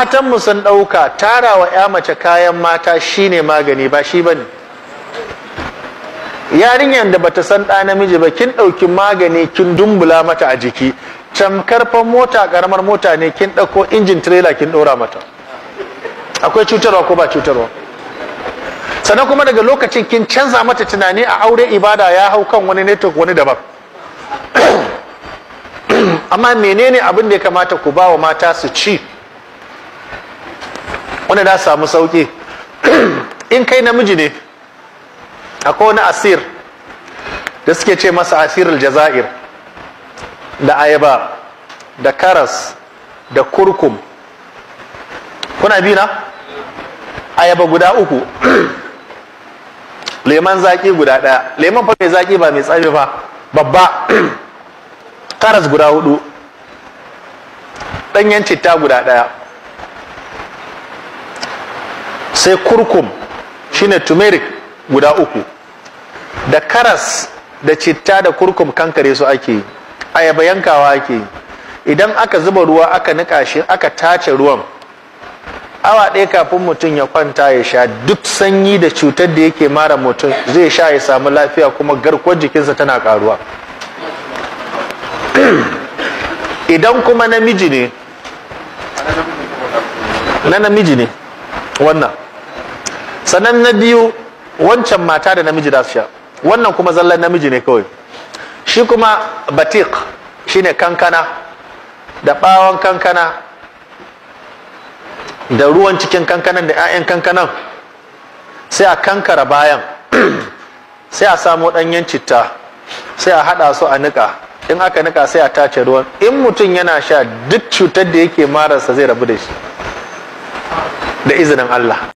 matanmu sun ɗauka tara wa 'ya mace kayan mata shine magani ba shi bane yarinyar da bata san ɗa namiji ba kin ɗauki magani kin dumbula mata a jiki tamkar fa mota karamar mota ne kin ɗauko injin tirela kin ɗora mata akwai cutarwa ko ba cutarwa sannan kuma daga lokacin kin canza mata tunani a aure ibada ya hau kan wani network wani daban amma menene abin da ya kamata ku ba wa mata su ci wanda na samu sauƙi. in kai namiji ne akwai wani asir da suke ce masa asir jaza'ir da ayaba da karas da kurkum kuna bi na ayaba guda uku leman zaƙi guda ɗaya leman fa mai zaƙi ba mai tsami fa babba karas guda hudu ɗanyen citta guda ɗaya sai kurkum shine turmeric guda uku da karas da citta da kurkum kankare su ake ayaba yankawa ake idan aka zuba ruwa aka nika shi aka tace ruwan awa ɗaya kafin mutum ya kwanta ya sha duk sanyi da cutar da yake mara mutum zai sha ya samu lafiya kuma garkuwar jikinsa tana karuwa idan kuma namiji ne na namiji ne wannan sannan na biyu wancan mata da namiji da su sha wannan kuma zallan namiji ne kawai shi kuma batik shine kankana da bawon kankana da ruwan cikin kankanan da 'ya'yan kankanan sai a kankara bayan sai a samo ɗanyen citta sai a haɗa su a nika in aka nika sai a tace ruwan in mutum yana sha duk cutar da yake marasa zai rabu da shi da izinin Allah